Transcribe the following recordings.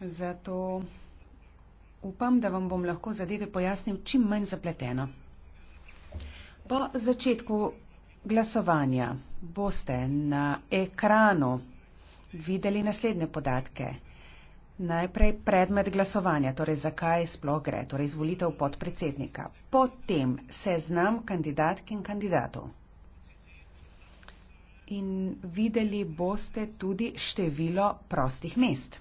Zato upam, da vam bom lahko zadeve pojasnil čim manj zapleteno. Po začetku glasovanja boste na ekranu videli naslednje podatke. Najprej predmet glasovanja, torej zakaj sploh gre, torej izvolitev podpredsednika. Potem seznam kandidatk in kandidatov. In videli boste tudi število prostih mest.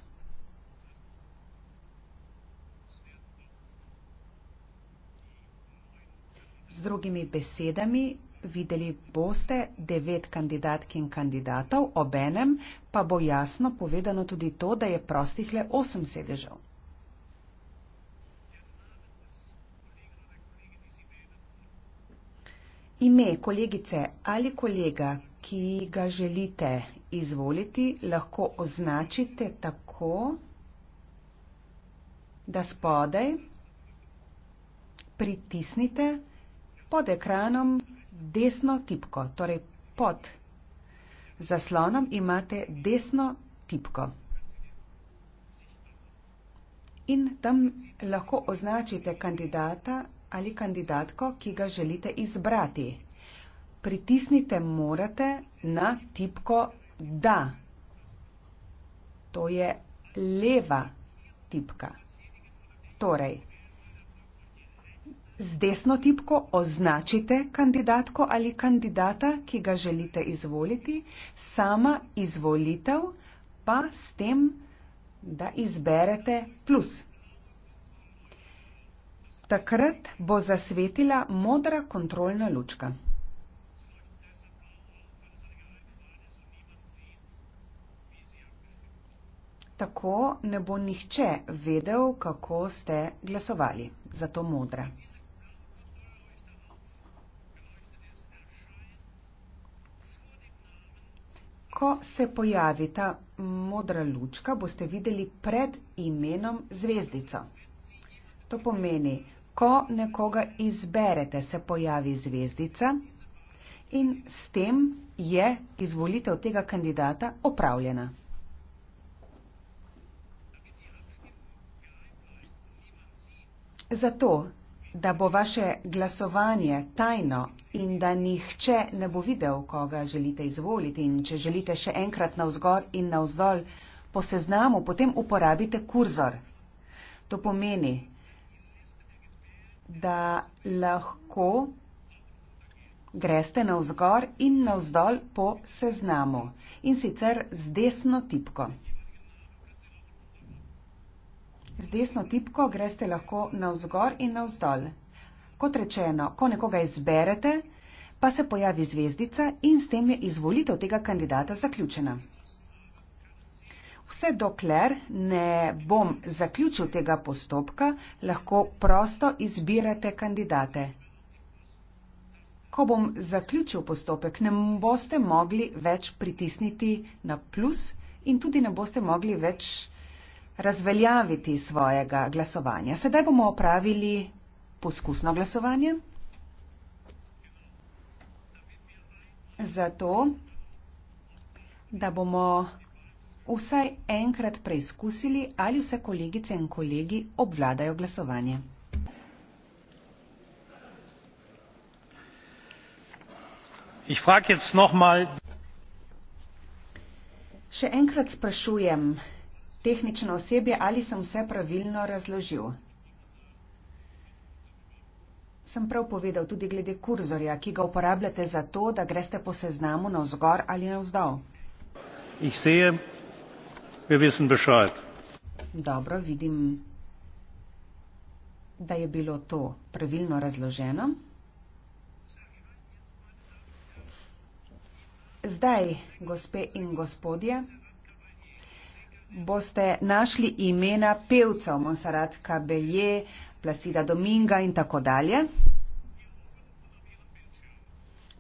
Z drugimi besedami, videli boste devet kandidatk in kandidatov, obenem pa bo jasno povedano tudi to, da je prostih le osem sedežev. Ime kolegice ali kolega, ki ga želite izvoliti, lahko označite tako, da spodaj pritisnite pod ekranom desno tipko, torej pod zaslonom imate desno tipko. In tam lahko označite kandidata ali kandidatko, ki ga želite izbrati. Pritisnite morate na tipko da. To je leva tipka. Torej, Z desno tipko označite kandidatko ali kandidata, ki ga želite izvoliti, sama izvolitev pa s tem, da izberete plus. Takrat bo zasvetila modra kontrolna lučka. Tako ne bo nihče vedel, kako ste glasovali za to modra. Ko se pojavi ta modra lučka, boste videli pred imenom zvezdico. To pomeni, ko nekoga izberete, se pojavi zvezdica in s tem je izvolitev tega kandidata opravljena. Zato da bo vaše glasovanje tajno in da nihče ne bo videl, koga želite izvoliti in če želite še enkrat navzgor in navzdol po seznamu, potem uporabite kurzor. To pomeni, da lahko greste navzgor in navzdol po seznamu in sicer z desno tipko. desno tipko greste lahko navzgor in navzdol. Kot rečeno, ko nekoga izberete, pa se pojavi zvezdica in s tem je izvolitev tega kandidata zaključena. Vse dokler ne bom zaključil tega postopka, lahko prosto izbirate kandidate. Ko bom zaključil postopek, ne boste mogli več pritisniti na plus in tudi ne boste mogli več pritisniti razveljaviti svojega glasovanja. Sedaj bomo opravili poskusno glasovanje. Zato, da bomo vsaj enkrat preizkusili, ali vse kolegice in kolegi obvladajo glasovanje. Ich frag jetzt noch mal. Še enkrat sprašujem, tehnično osebje, ali sem vse pravilno razložil. Sem prav povedal tudi glede kurzorja, ki ga uporabljate za to, da greste po seznamu na vzgor ali na vzdol. Ich sehe, wir wissen Bescheid. Dobro, vidim, da je bilo to pravilno razloženo. Zdaj, gospe in gospodje, boste našli imena pevcev Monserrat Cabellé, Placida Dominga in tako dalje.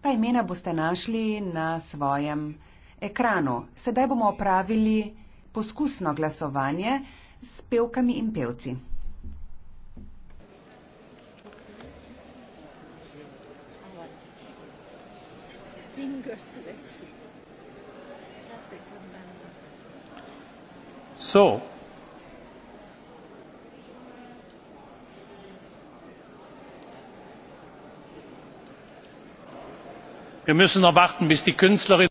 Ta imena boste našli na svojem ekranu. Sedaj bomo opravili poskusno glasovanje s pevkami in pevci. Singer selection. so wir müssen noch warten bis die künstlerin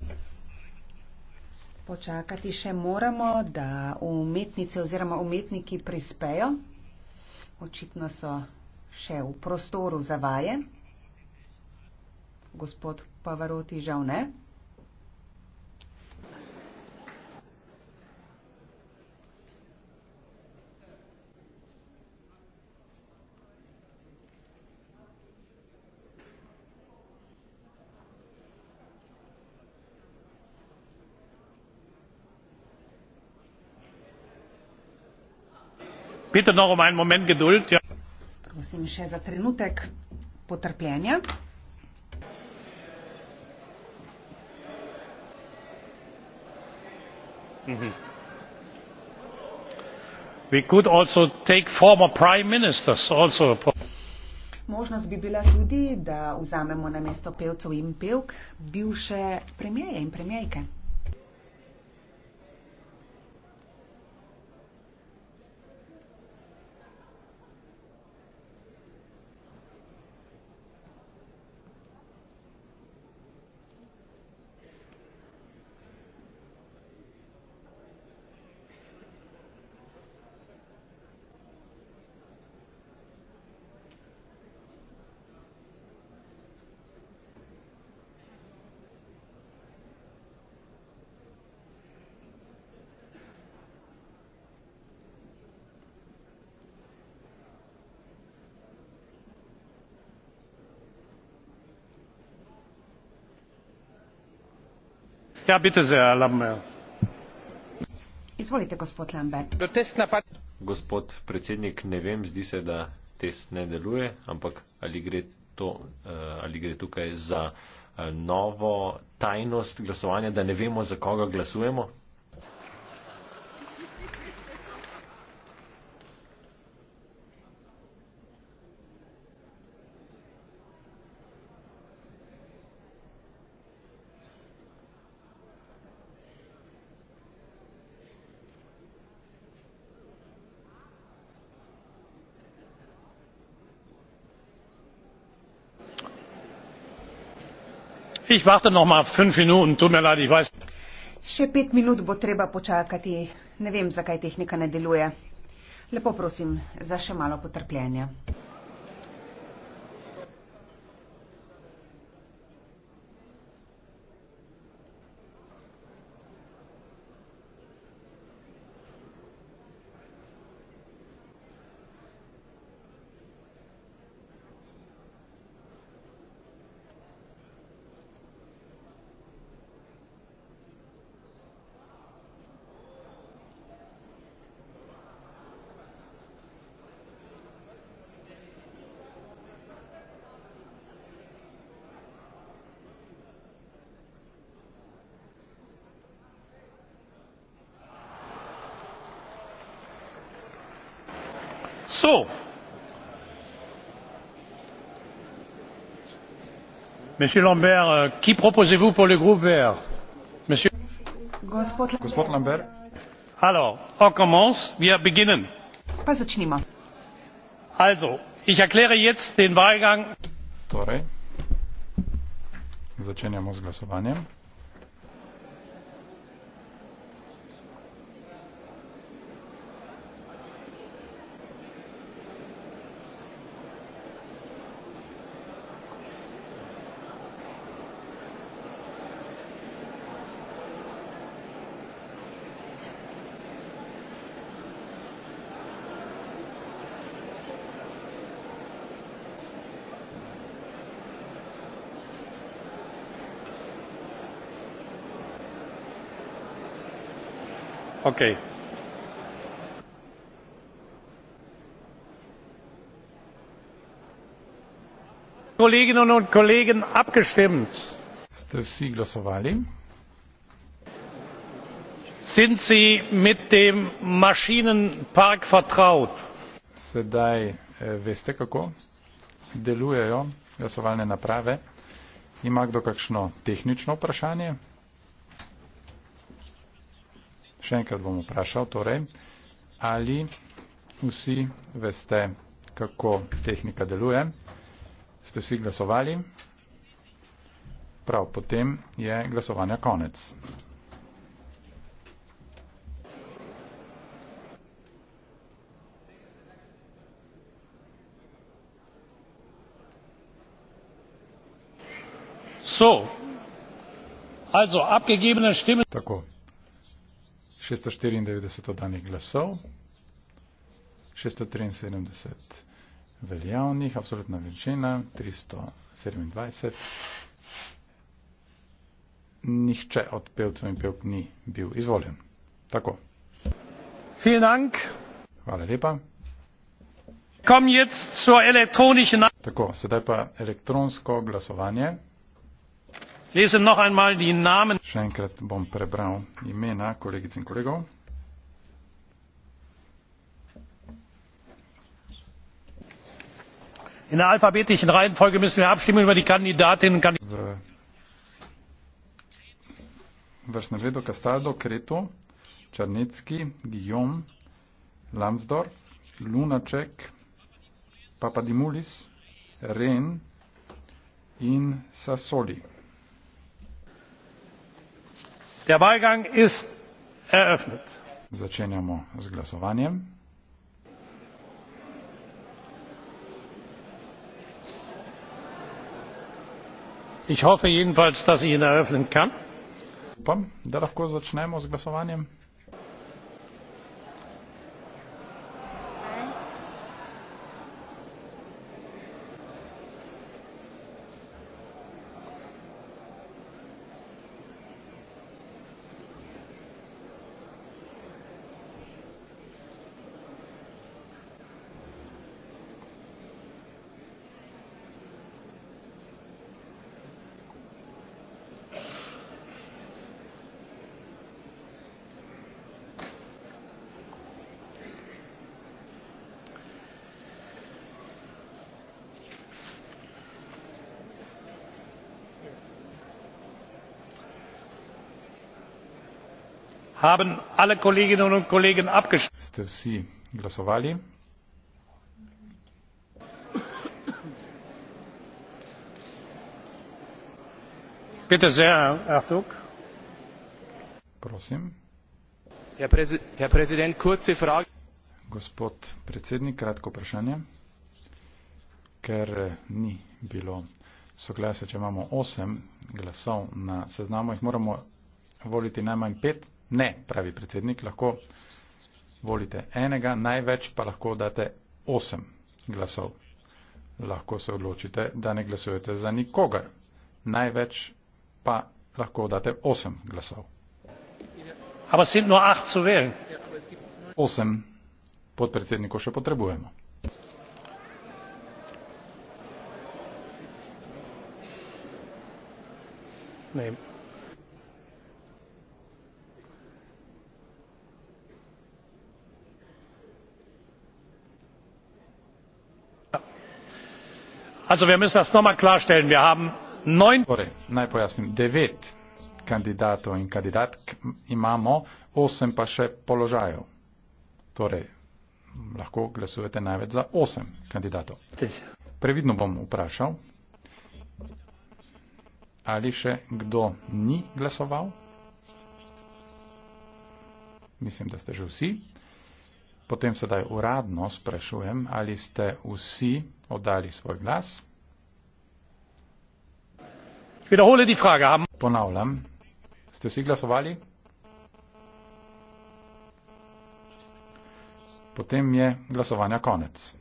Počakati še moramo, da umetnice oziroma umetniki prispejo. Očitno so še v prostoru za vaje. Gospod Pavaroti žal ne. Bitte noch um einen Moment Geduld. Ja. Prosim še za trenutek potrpljenja. Mhm. We could also take former prime ministers also. Možnost bi bila tudi, da vzamemo na mesto pevcev in pevk bivše premijeje in premijejke. Ja, gospod predsednik ne vem zdi se da test ne deluje ampak ali gre to eh, ali gre tukaj za eh, novo tajnost glasovanja da ne vemo za koga glasujemo Ich warte noch mal fünf Minuten, tut mir leid, ich weiß. Še pet minut bo treba počakati. Ne vem, zakaj tehnika ne deluje. Lepo prosim za še malo potrpljenja. So. Monsieur Lambert, euh, qui proposez vous pour le groupe vert? Monsieur Gospod Lambert. Alors, on commence. Wir beginnen. Also, ich erkläre jetzt den Wahlgang. Torej, začenjamo z glasovanjem. okay. kolleginnen und kollegen abgestimmt sind sie mit dem maschinenpark vertraut sedaj eh, veste kako delujejo glasovalne naprave ima kdo kakšno tehnično vprašanje? Še enkrat bom vprašal, torej, ali vsi veste, kako tehnika deluje. Ste vsi glasovali? Prav potem je glasovanja konec. So. Also, abgegebene Stimmen. Tako. 694 oddanih glasov, 673 veljavnih, absolutna večina, 327. Nihče od pevcev in pevk ni bil izvoljen. Tako. Dank. Hvala lepa. Komm jetzt zur elektronischen... Tako, sedaj pa elektronsko glasovanje. Še enkrat bom prebral imena kolegic in kolegov. In na alfabetični redfolge moramo abstimirati glede kandidatin. V vrstnem redu Castaldo, Kreto, Črnecki, Guillaume, Lambsdorff, Lunaček, Papadimulis, Ren in Sasoli. Der Wahlgang ist eröffnet. Začenjamo z glasovanjem. Ich hoffe jedenfalls, dass ich ihn eröffnen kann. Upam, da lahko začnemo z glasovanjem. haben alle kolleginnen und kollegen abgestimmt. bitte sehr herr ertug! herr präsident kurze frage. gospod predsednik kratko vprašanje. ker eh, ni bilo soglasja če imamo osem glasov na seznamu jih moramo voliti najmanj pet. Ne, pravi predsednik, lahko volite enega, največ pa lahko date osem glasov. Lahko se odločite, da ne glasujete za nikogar. Največ pa lahko date osem glasov. Osem podpredsednikov še potrebujemo. Name. also wir müssen das noch einmal klarstellen wir haben neun torej, najpojasnim devet kandidatov in kandidatk imamo osem pa še položajev torej lahko glasujete največ za osem kandidatov previdno bom vprašal ali še kdo ni glasoval mislim da ste že vsi Potem sedaj uradno sprašujem, ali ste vsi oddali svoj glas. Ponavljam, ste vsi glasovali? Potem je glasovanja konec.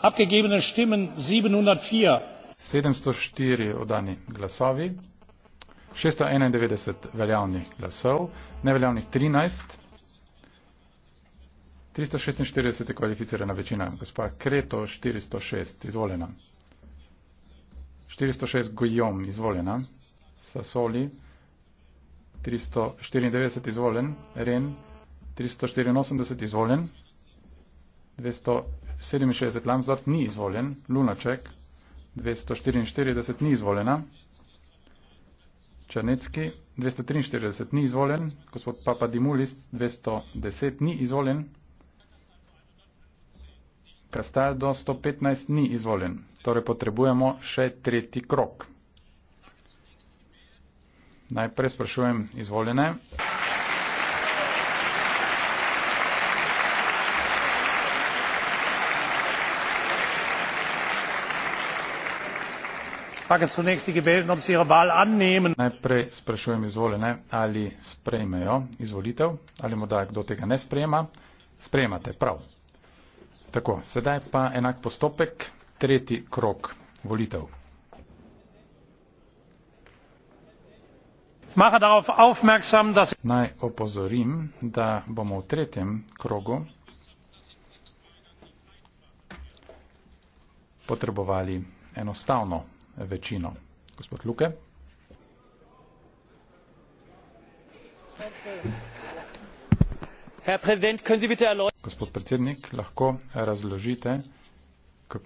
Abgegebene stimmen 704. 704 oddani glasovi. 691 veljavnih glasov, neveljavnih 13, 346 je kvalificirana večina. Gospa Kreto, 406, izvoljena. 406 Gojom, izvoljena. Sasoli, 394, izvoljen. Ren, 384, izvoljen. 267 Lamsdorf, ni izvoljen. Lunaček, 244, ni izvoljena. Črnecki 243 ni izvoljen, gospod Papadimulis 210 ni izvoljen, Kastardo 115 ni izvoljen. Torej potrebujemo še tretji krok. Najprej sprašujem izvoljene. frage zunächst die gewählten ob sie ihre wahl annehmen. najprej sprašujem izvoljene ali sprejmejo izvolitev ali morda kdo tega ne sprejema sprejemate prav tako sedaj pa enak postopek tretji krog volitev. naj opozorim da bomo v tretjem krogu potrebovali enostavno večino. Gospod Luke. Gospod predsednik, lahko razložite,